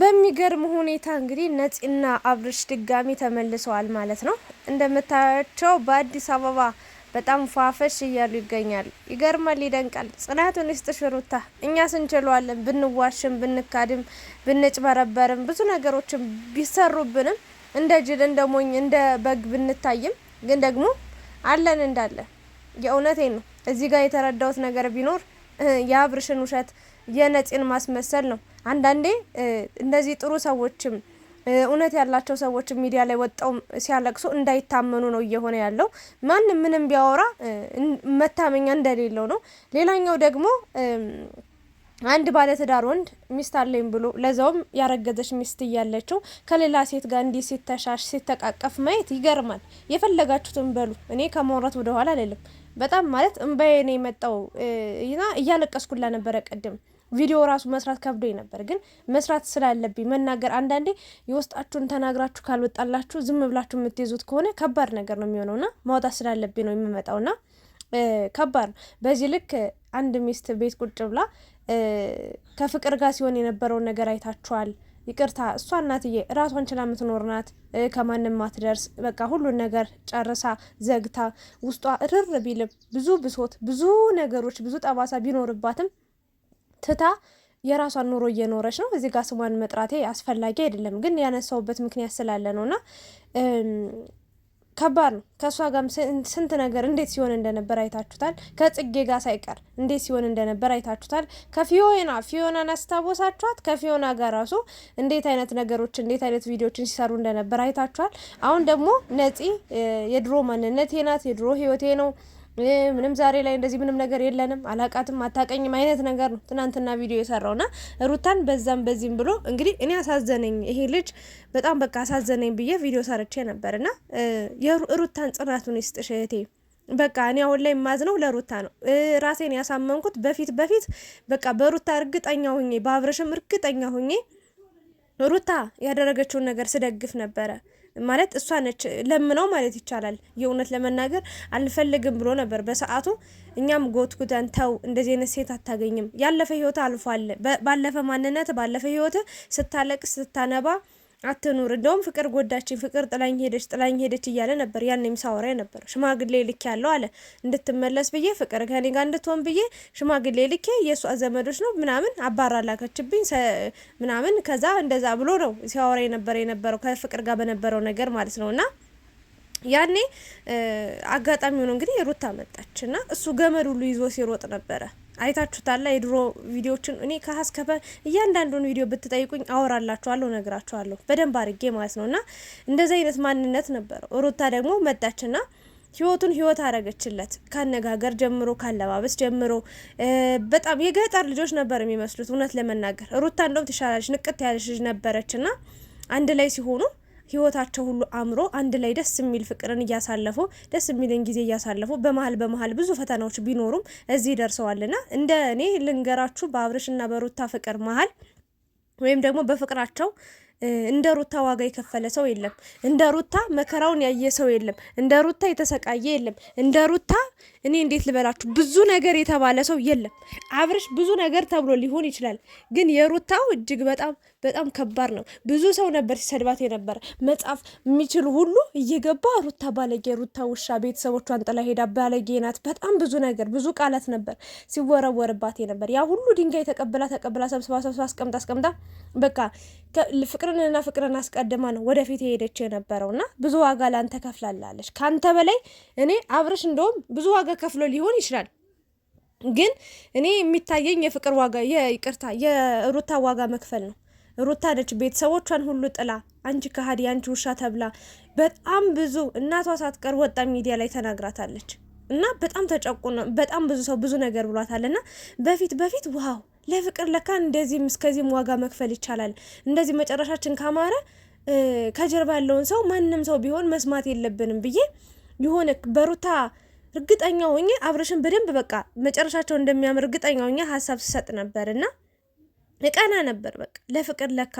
በሚገርም ሁኔታ እንግዲህ ነፂና አብርሽ ድጋሚ ተመልሰዋል ማለት ነው። እንደምታያቸው በአዲስ አበባ በጣም ፏፈሽ እያሉ ይገኛሉ። ይገርማል፣ ይደንቃል። ጽናቱን ይስጥሽ ሩታ። እኛ ስንችለዋለን ብንዋሽም፣ ብንካድም፣ ብንጭበረበርም ብዙ ነገሮችን ቢሰሩብንም እንደ ጅል እንደ ሞኝ እንደ በግ ብንታይም ግን ደግሞ አለን እንዳለ የእውነቴ ነው። እዚህ ጋር የተረዳሁት ነገር ቢኖር የአብርሽን ውሸት የነጽን ማስመሰል ነው። አንዳንዴ እንደዚህ ጥሩ ሰዎችም እውነት ያላቸው ሰዎች ሚዲያ ላይ ወጣው ሲያለቅሱ እንዳይታመኑ ነው እየሆነ ያለው። ማንም ምንም ቢያወራ መታመኛ እንደሌለው ነው። ሌላኛው ደግሞ አንድ ባለትዳር ወንድ ሚስት አለኝ ብሎ ለዛውም ያረገዘች ሚስት እያለችው ከሌላ ሴት ጋር እንዲህ ሲተሻሽ ሲተቃቀፍ ማየት ይገርማል። የፈለጋችሁትን በሉ። እኔ ከመውረት ወደኋላ አልልም። በጣም ማለት እምባዬ ነው የመጣው እና እያለቀስኩላ ነበረ ቅድም ቪዲዮ ራሱ መስራት ከብዶኝ ነበር፣ ግን መስራት ስላለብኝ መናገር። አንዳንዴ የውስጣችሁን ተናግራችሁ ካልወጣላችሁ ዝም ብላችሁ የምትይዙት ከሆነ ከባድ ነገር ነው የሚሆነውና ማውጣት ስላለብኝ ነው የምመጣውና ከባድ ነው። በዚህ ልክ አንድ ሚስት ቤት ቁጭ ብላ ከፍቅር ጋር ሲሆን የነበረውን ነገር አይታችኋል። ይቅርታ እሷ እናትዬ እራሷን ችላ የምትኖር ናት። ከማንም ማትደርስ በቃ ሁሉን ነገር ጨርሳ ዘግታ ውስጧ እርር ቢልም ብዙ ብሶት፣ ብዙ ነገሮች፣ ብዙ ጠባሳ ቢኖርባትም ትታ የራሷን ኑሮ እየኖረች ነው። እዚህ ጋር ስሟን መጥራቴ አስፈላጊ አይደለም፣ ግን ያነሳውበት ምክንያት ስላለ ነው እና ከባድ ነው። ከእሷ ጋርም ስንት ነገር እንዴት ሲሆን እንደነበር አይታችሁታል። ከጽጌ ጋር ሳይቀር እንዴት ሲሆን እንደነበር አይታችሁታል። ከፊዮና ፊዮናን አስታወሳችኋት? ከፊዮና ጋር ራሱ እንዴት አይነት ነገሮች እንዴት አይነት ቪዲዮችን ሲሰሩ እንደነበር አይታችኋል። አሁን ደግሞ ነፂ የድሮ ማንነቴ ናት፣ የድሮ ህይወቴ ነው ምንም ዛሬ ላይ እንደዚህ ምንም ነገር የለንም፣ አላቃትም፣ አታቀኝም አይነት ነገር ነው ትናንትና ቪዲዮ የሰራውና ሩታን በዛም በዚህም ብሎ እንግዲህ እኔ አሳዘነኝ ይሄ ልጅ በጣም በቃ አሳዘነኝ ብዬ ቪዲዮ ሰርቼ ነበርና የሩታን ጽናቱን ይስጥሽ እህቴ። በቃ እኔ አሁን ላይ የማዝነው ለሩታ ነው። ራሴን ያሳመንኩት በፊት በፊት በቃ በሩታ እርግጠኛ ሁኜ በአብረሽም እርግጠኛ ሁኜ ሩታ ያደረገችውን ነገር ስደግፍ ነበረ ማለት እሷ ነች ለምነው ማለት ይቻላል። የእውነት ለመናገር አልፈልግም ብሎ ነበር በሰዓቱ። እኛም ጎትጉተን ተው እንደዚህ አይነት ሴት አታገኝም፣ ያለፈ ህይወት አልፏል፣ ባለፈ ማንነት ባለፈ ህይወት ስታለቅስ ስታነባ አትኑር እንደውም ፍቅር ጎዳችኝ፣ ፍቅር ጥላኝ ሄደች፣ ጥላኝ ሄደች እያለ ነበር። ያን ሳወራ ነበር። ሽማግሌ ልኬ ያለው አለ እንድትመለስ ብዬ ፍቅር ከኔ ጋር እንድትሆን ብዬ ሽማግሌ ልኬ የእሷ ዘመዶች ነው ምናምን አባራ ላከችብኝ ምናምን ከዛ እንደዛ ብሎ ነው ሲያወራ ነበር የነበረው ከፍቅር ጋር በነበረው ነገር ማለት ነው እና ያኔ አጋጣሚ ሆኖ እንግዲህ ሩታ መጣች እና እሱ ገመድ ሁሉ ይዞ ሲሮጥ ነበረ አይታችሁታላ የድሮ ቪዲዮችን እኔ ከሀስከበ እያንዳንዱን ቪዲዮ ብትጠይቁኝ አወራላችኋለሁ፣ ነግራችኋለሁ በደንብ አድርጌ ማለት ነው። እና እንደዚህ አይነት ማንነት ነበረው። ሩታ ደግሞ መጣችና ህይወቱን ህይወት አረገችለት። ካነጋገር ጀምሮ ካለባበስ ጀምሮ በጣም የገጠር ልጆች ነበር የሚመስሉት እውነት ለመናገር ሩታ እንደውም ትሻላለች፣ ንቅት ያለች ልጅ ነበረችና አንድ ላይ ሲሆኑ ህይወታቸው ሁሉ አምሮ አንድ ላይ ደስ የሚል ፍቅርን እያሳለፉ ደስ የሚልን ጊዜ እያሳለፉ በመሀል በመሀል ብዙ ፈተናዎች ቢኖሩም እዚህ ደርሰዋልና እንደ እኔ ልንገራችሁ በአብርሽና በሩታ ፍቅር መሀል ወይም ደግሞ በፍቅራቸው እንደ ሩታ ዋጋ የከፈለ ሰው የለም። እንደ ሩታ መከራውን ያየ ሰው የለም። እንደ ሩታ የተሰቃየ የለም። እንደ ሩታ እኔ እንዴት ልበላችሁ ብዙ ነገር የተባለ ሰው የለም። አብርሽ ብዙ ነገር ተብሎ ሊሆን ይችላል፣ ግን የሩታው እጅግ በጣም በጣም ከባድ ነው። ብዙ ሰው ነበር ሲሰድባት የነበረ መጻፍ የሚችል ሁሉ እየገባ ሩታ ባለጌ፣ ሩታ ውሻ፣ ቤተሰቦቿን ጥላ ሄዳ ባለጌ ናት። በጣም ብዙ ነገር ብዙ ቃላት ነበር ሲወረወርባት ነበር። ያ ሁሉ ድንጋይ ተቀብላ ተቀብላ ሰብስባ ሰብስባ አስቀምጣ አስቀምጣ በቃ ፍቅርንና ፍቅርን አስቀድማ ነው ወደፊት የሄደች የነበረው እና ብዙ ዋጋ ላንተ ከፍላላለች። ከአንተ በላይ እኔ አብረሽ እንደውም ብዙ ዋጋ ከፍሎ ሊሆን ይችላል ግን እኔ የሚታየኝ የፍቅር ዋጋ ይቅርታ፣ የሩታ ዋጋ መክፈል ነው። ሩታ ነች ቤተሰቦቿን ሁሉ ጥላ አንቺ ከሀዲ አንቺ ውሻ ተብላ በጣም ብዙ እናቷ ሳትቀር ወጣ ሚዲያ ላይ ተናግራታለች። እና በጣም ተጨቁነ በጣም ብዙ ሰው ብዙ ነገር ብሏታል። እና በፊት በፊት ዋው ለፍቅር ለካ እንደዚህም እስከዚህም ዋጋ መክፈል ይቻላል። እንደዚህ መጨረሻችን ካማረ ከጀርባ ያለውን ሰው ማንም ሰው ቢሆን መስማት የለብንም ብዬ የሆነ በሩታ እርግጠኛ ሆኜ አብርሽን በደንብ በቃ መጨረሻቸው እንደሚያምር እርግጠኛ ሆኜ ሀሳብ ስሰጥ ነበር እና እቀና ነበር። በቃ ለፍቅር ለካ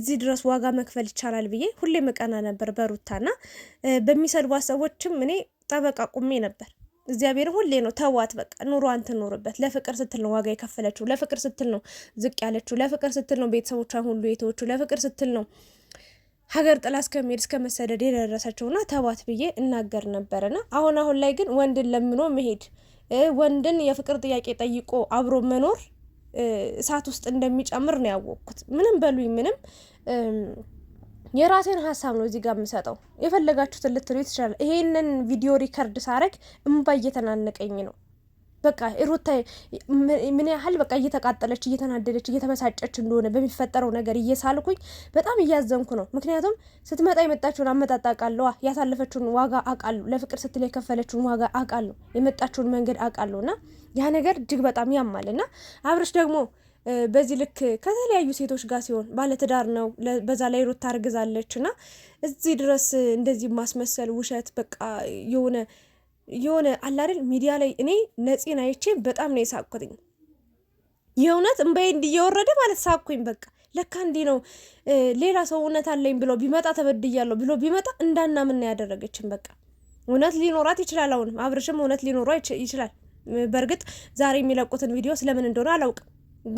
እዚህ ድረስ ዋጋ መክፈል ይቻላል ብዬ ሁሌም እቀና ነበር በሩታና በሚሰድቧ ሰዎችም እኔ ጠበቃ ቁሜ ነበር። እግዚአብሔር ሁሌ ነው ተዋት፣ በቃ ኑሯን ትኖርበት። ለፍቅር ስትል ነው ዋጋ የከፈለችው፣ ለፍቅር ስትል ነው ዝቅ ያለችው፣ ለፍቅር ስትል ነው ቤተሰቦቿን ሁሉ የተወችው፣ ለፍቅር ስትል ነው ሀገር ጥላ እስከሚሄድ እስከ መሰደድ የደረሰችውና ተዋት ብዬ እናገር ነበርና አሁን አሁን ላይ ግን ወንድን ለምኖ መሄድ ወንድን የፍቅር ጥያቄ ጠይቆ አብሮ መኖር እሳት ውስጥ እንደሚጨምር ነው ያወቅኩት። ምንም በሉኝ ምንም የራሴን ሀሳብ ነው እዚህ ጋር የምሰጠው። የፈለጋችሁትን ልትሉ ትችላለ። ይሄንን ቪዲዮ ሪከርድ ሳረግ እምባ እየተናነቀኝ ነው። በቃ ሩታ ምን ያህል በቃ እየተቃጠለች እየተናደደች እየተበሳጨች እንደሆነ በሚፈጠረው ነገር እየሳልኩኝ በጣም እያዘንኩ ነው። ምክንያቱም ስትመጣ የመጣችውን አመጣጥ አውቃለሁ፣ ያሳለፈችውን ዋጋ አውቃለሁ፣ ለፍቅር ስትል የከፈለችውን ዋጋ አውቃለሁ፣ የመጣችውን መንገድ አውቃለሁ እና ያ ነገር እጅግ በጣም ያማል እና አብርሽ ደግሞ በዚህ ልክ ከተለያዩ ሴቶች ጋር ሲሆን ባለትዳር ነው። በዛ ላይ ሩት ታርግዛለች እና እዚህ ድረስ እንደዚህ ማስመሰል ውሸት፣ በቃ የሆነ የሆነ አላደል ሚዲያ ላይ እኔ ነፂን አይቼ በጣም ነው የሳቅኩትኝ። የእውነት እምባዬ እየወረደ ማለት ሳቅኩኝ። በቃ ለካ እንዲህ ነው። ሌላ ሰው እውነት አለኝ ብሎ ቢመጣ ተበድያለሁ ብሎ ቢመጣ እንዳናምን ያደረገችን። በቃ እውነት ሊኖራት ይችላል። አሁንም አብርሽም እውነት ሊኖሯ ይችላል። በእርግጥ ዛሬ የሚለቁትን ቪዲዮ ስለምን እንደሆነ አላውቅም፣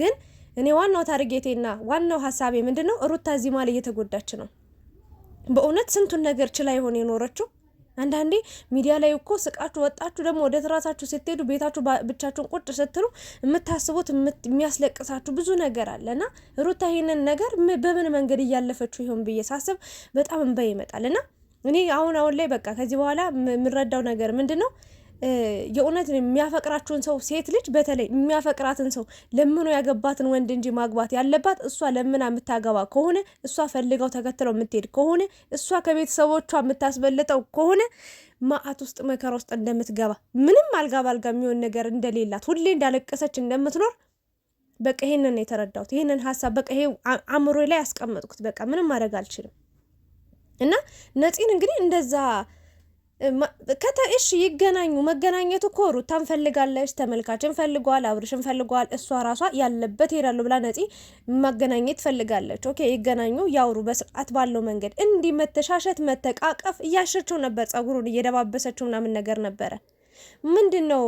ግን እኔ ዋናው ታርጌቴና ዋናው ሀሳቤ ምንድን ነው? ሩታ እዚህ ማለት እየተጎዳች ነው። በእውነት ስንቱን ነገር ችላ የሆነ የኖረችው አንዳንዴ ሚዲያ ላይ እኮ ስቃችሁ ወጣችሁ ደግሞ ወደ ትራሳችሁ ስትሄዱ ቤታችሁ ብቻችሁን ቁጭ ስትሉ የምታስቡት የሚያስለቅሳችሁ ብዙ ነገር አለ እና ሩታ ይህንን ነገር በምን መንገድ እያለፈችው ይሆን ብዬ ሳስብ በጣም እንባ ይመጣል እና እኔ አሁን አሁን ላይ በቃ ከዚህ በኋላ የምረዳው ነገር ምንድን ነው የእውነት የሚያፈቅራቸውን ሰው ሴት ልጅ በተለይ የሚያፈቅራትን ሰው ለምኖ ያገባትን ወንድ እንጂ ማግባት ያለባት እሷ ለምና የምታገባ ከሆነ እሷ ፈልገው ተከትለው የምትሄድ ከሆነ እሷ ከቤተሰቦቿ የምታስበልጠው ከሆነ ማአት ውስጥ መከራ ውስጥ እንደምትገባ ምንም አልጋ ባልጋ የሚሆን ነገር እንደሌላት ሁሌ እንዳለቀሰች እንደምትኖር በቃ ይሄንን የተረዳሁት ይሄንን ሀሳብ በቃ ይሄ አእምሮ ላይ ያስቀመጥኩት በቃ ምንም ማድረግ አልችልም እና ነፂን እንግዲህ እንደዛ እሺ ይገናኙ። መገናኘቱ እኮ ሩታን ፈልጋለች፣ ተመልካችን ፈልጓል፣ አብርሽን ፈልጓል። እሷ ራሷ ያለበት ይሄዳሉ ብላ ነፂ መገናኘት ፈልጋለች። ኦኬ ይገናኙ፣ ያውሩ በስርዓት ባለው መንገድ። እንዲህ መተሻሸት፣ መተቃቀፍ እያሸችው ነበር፣ ጸጉሩን እየደባበሰችው ምናምን ነገር ነበረ። ምንድን ነው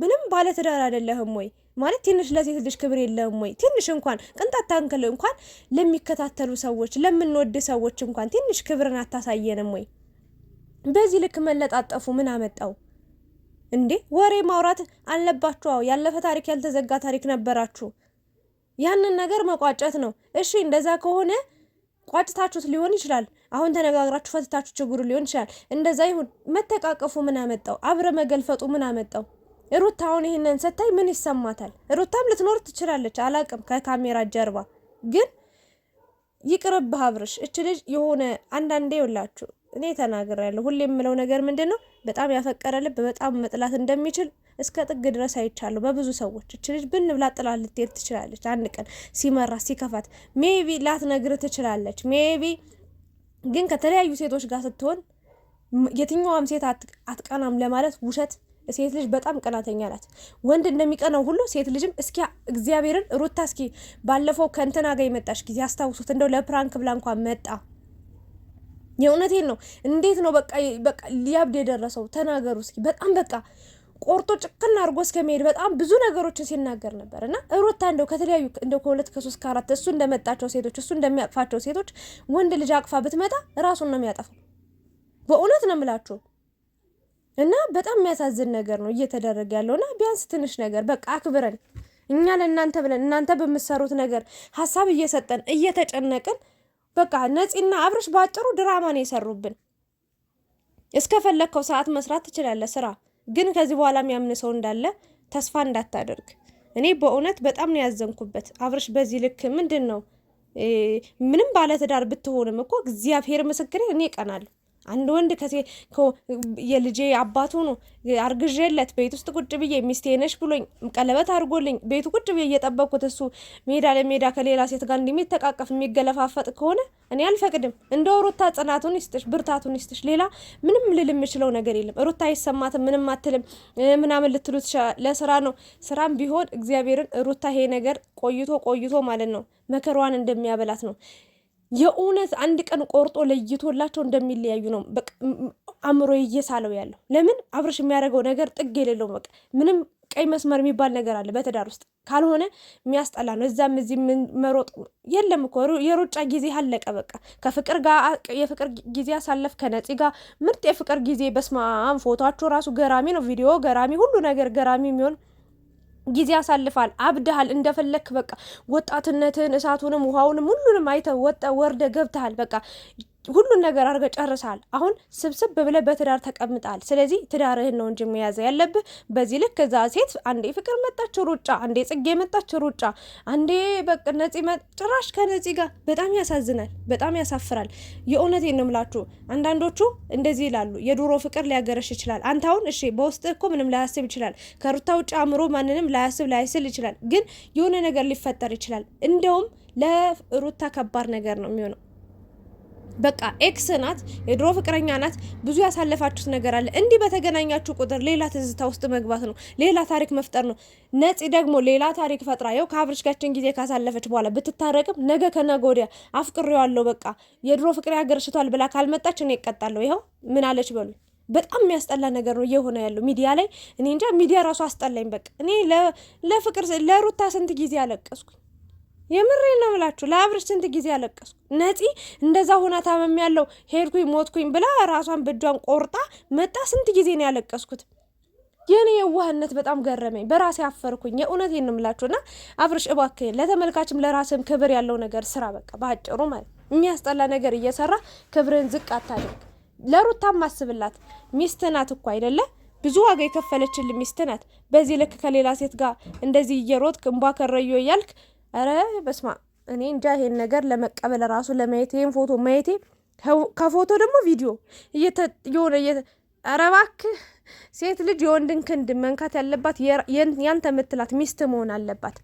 ምንም ባለትዳር አይደለህም ወይ ማለት ትንሽ ለሴት ልጅ ክብር የለህም ወይ? ትንሽ እንኳን ቅንጣት ታንክል እንኳን ለሚከታተሉ ሰዎች ለምንወድ ሰዎች እንኳን ትንሽ ክብርን አታሳየንም ወይ? በዚህ ልክ መለጣጠፉ ምን አመጣው እንዴ? ወሬ ማውራት አለባችሁ። አዎ ያለፈ ታሪክ ያልተዘጋ ታሪክ ነበራችሁ። ያንን ነገር መቋጨት ነው። እሺ እንደዛ ከሆነ ቋጭታችሁት ሊሆን ይችላል። አሁን ተነጋግራችሁ ፈትታችሁ ችግሩ ሊሆን ይችላል። እንደዛ ይሁን። መተቃቀፉ ምን አመጣው? አብረ መገልፈጡ ምን አመጣው? ሩታ አሁን ይህንን ስታይ ምን ይሰማታል? ሩታም ልትኖር ትችላለች፣ አላቅም ከካሜራ ጀርባ ግን ይቅርብህ አብርሽ። እች ልጅ የሆነ አንዳንዴ ይውላችሁ እኔ ተናግሬያለሁ። ሁሌ የምለው ነገር ምንድን ነው፣ በጣም ያፈቀረ ልብ በጣም መጥላት እንደሚችል እስከ ጥግ ድረስ አይቻለሁ በብዙ ሰዎች። እች ልጅ ብን ብላ ጥላ ልትሄድ ትችላለች። አንድ ቀን ሲመራት ሲከፋት፣ ሜቢ ላትነግር ትችላለች። ሜቢ ግን ከተለያዩ ሴቶች ጋር ስትሆን የትኛዋም ሴት አትቀናም ለማለት ውሸት። ሴት ልጅ በጣም ቀናተኛ ናት። ወንድ እንደሚቀናው ሁሉ ሴት ልጅም እስኪ እግዚአብሔርን ሩታ እስኪ ባለፈው ከእንትና ጋር የመጣች ጊዜ አስታውሱት እንደው ለፕራንክ ብላ እንኳን መጣ የእውነቴን ነው። እንዴት ነው በቃ በቃ ሊያብድ የደረሰው ተናገሩ እስኪ። በጣም በቃ ቆርጦ ጭክና አድርጎ እስከሚሄድ በጣም ብዙ ነገሮችን ሲናገር ነበር። እና ሩታ እንደው ከተለያዩ እንደው ከሁለት ከሶስት ከአራት እሱ እንደመጣቸው ሴቶች እሱ እንደሚያቅፋቸው ሴቶች ወንድ ልጅ አቅፋ ብትመጣ ራሱን ነው የሚያጠፋው። በእውነት ነው የምላችሁ። እና በጣም የሚያሳዝን ነገር ነው እየተደረገ ያለው። እና ቢያንስ ትንሽ ነገር በቃ አክብረን እኛ ለእናንተ ብለን እናንተ በምትሰሩት ነገር ሀሳብ እየሰጠን እየተጨነቅን በቃ ነፂና አብርሽ ባጭሩ ድራማ ነው የሰሩብን። እስከፈለግከው ሰዓት መስራት ትችላለህ ስራ። ግን ከዚህ በኋላ የሚያምን ሰው እንዳለ ተስፋ እንዳታደርግ። እኔ በእውነት በጣም ነው ያዘንኩበት። አብርሽ በዚህ ልክ ምንድን ነው? ምንም ባለትዳር ብትሆንም እኮ እግዚአብሔር ምስክሬ እኔ እቀናለሁ። አንድ ወንድ የልጄ አባት ሆኖ አርግዤለት ቤት ውስጥ ቁጭ ብዬ ሚስቴ ነሽ ብሎኝ ቀለበት አድርጎልኝ ቤቱ ቁጭ ብዬ እየጠበቅኩት እሱ ሜዳ ለሜዳ ከሌላ ሴት ጋር እንደሚተቃቀፍ የሚገለፋፈጥ ከሆነ እኔ አልፈቅድም። እንደ ሩታ ጽናቱን ይስጥሽ፣ ብርታቱን ይስጥሽ። ሌላ ምንም ልል የምችለው ነገር የለም። ሩታ አይሰማትም፣ ምንም አትልም ምናምን ልትሉ ለስራ ነው። ስራም ቢሆን እግዚአብሔርን ሩታ ይሄ ነገር ቆይቶ ቆይቶ ማለት ነው መከሯን እንደሚያበላት ነው የእውነት አንድ ቀን ቆርጦ ለይቶላቸው እንደሚለያዩ ነው አእምሮ እየሳለው ያለው። ለምን አብርሽ የሚያደርገው ነገር ጥግ የሌለው በቃ ምንም ቀይ መስመር የሚባል ነገር አለ በትዳር ውስጥ ካልሆነ የሚያስጠላ ነው። እዛም እዚህ መሮጥ የለም እኮ የሩጫ ጊዜ አለቀ። በቃ ከፍቅር ጋር የፍቅር ጊዜ አሳለፍ ከነፂ ጋር ምርጥ የፍቅር ጊዜ በስማም ፎቶቸው ራሱ ገራሚ ነው። ቪዲዮ ገራሚ፣ ሁሉ ነገር ገራሚ የሚሆን ጊዜ ያሳልፋል። አብድሃል እንደፈለክ በቃ ወጣትነትን እሳቱንም ውሃውንም ሁሉንም አይተ ወጣ ወርደ ገብተሃል በቃ ሁሉን ነገር አድርገ ጨርሳል። አሁን ስብስብ ብለ በትዳር ተቀምጣል። ስለዚህ ትዳርህን ነው እንጂ መያዝ ያለብህ። በዚህ ልክ እዛ ሴት አንዴ ፍቅር መጣች ሩጫ፣ አንዴ ጽጌ መጣች ሩጫ፣ አንዴ በቃ ነፂ ጭራሽ ከነፂ ጋር በጣም ያሳዝናል፣ በጣም ያሳፍራል። የእውነቴን ነው የምላችሁ። አንዳንዶቹ እንደዚህ ይላሉ፣ የድሮ ፍቅር ሊያገረሽ ይችላል። አንተ አሁን እሺ፣ በውስጥ እኮ ምንም ላያስብ ይችላል። ከሩታ ውጭ አእምሮ ማንንም ላያስብ ላይስል ይችላል። ግን የሆነ ነገር ሊፈጠር ይችላል። እንደውም ለሩታ ከባድ ነገር ነው የሚሆነው በቃ ኤክስ ናት፣ የድሮ ፍቅረኛ ናት። ብዙ ያሳለፋችሁት ነገር አለ። እንዲህ በተገናኛችሁ ቁጥር ሌላ ትዝታ ውስጥ መግባት ነው፣ ሌላ ታሪክ መፍጠር ነው። ነፂ ደግሞ ሌላ ታሪክ ፈጥራ ይኸው ከአብርሽጋችን ጊዜ ካሳለፈች በኋላ ብትታረቅም ነገ ከነገ ወዲያ አፍቅሬዋለሁ በቃ የድሮ ፍቅሬ አገርሽቷል ብላ ካልመጣች እኔ እቀጣለሁ። ይኸው ምን አለች በሉ። በጣም የሚያስጠላ ነገር ነው እየሆነ ያለው ሚዲያ ላይ። እኔ እንጃ ሚዲያ ራሱ አስጠላኝ። በቃ እኔ ለፍቅር ለሩታ ስንት ጊዜ አለቀስኩኝ። የምሬ ነው ምላችሁ። ለአብርሽ ስንት ጊዜ አለቀሱ። ነፂ እንደዛ ሆና ታመም ያለው ሄድኩኝ ሞትኩኝ ብላ ራሷን በእጇን ቆርጣ መጣ። ስንት ጊዜ ነው ያለቀስኩት? የኔ የዋህነት በጣም ገረመኝ። በራሴ አፈርኩኝ። የእውነት ይህን ምላችሁና አብርሽ እባክህን፣ ለተመልካችም ለራስም ክብር ያለው ነገር ስራ። በቃ በአጭሩ ማለት የሚያስጠላ ነገር እየሰራ ክብርን ዝቅ አታደርግ። ለሩታም አስብላት። ሚስት ናት እኮ አይደለ? ብዙ ዋጋ የከፈለችል ሚስት ናት። በዚህ ልክ ከሌላ ሴት ጋር እንደዚህ እየሮጥክ እንቧ ከረዮ እያልክ ኧረ በስማ እኔ እንጃ ይሄን ነገር ለመቀበል ራሱ ለማየት ይሄን ፎቶ ማየቴ ከፎቶ ደግሞ ቪዲዮ የሆነ ኧረ እባክህ ሴት ልጅ የወንድን ክንድ መንካት ያለባት ያንተ ምትላት ሚስት መሆን አለባት።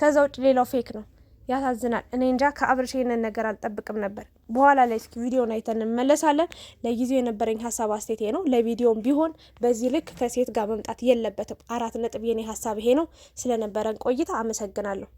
ከዛ ውጭ ሌላው ፌክ ነው። ያሳዝናል። እኔ እንጃ ከአብርሽ ይሄንን ነገር አልጠብቅም ነበር። በኋላ ላይ እስኪ ቪዲዮን አይተን እንመለሳለን። ለጊዜው የነበረኝ ሀሳብ አስተያየት ነው። ለቪዲዮም ቢሆን በዚህ ልክ ከሴት ጋር መምጣት የለበትም። አራት ነጥብ የኔ ሀሳብ ይሄ ነው። ስለነበረን ቆይታ አመሰግናለሁ።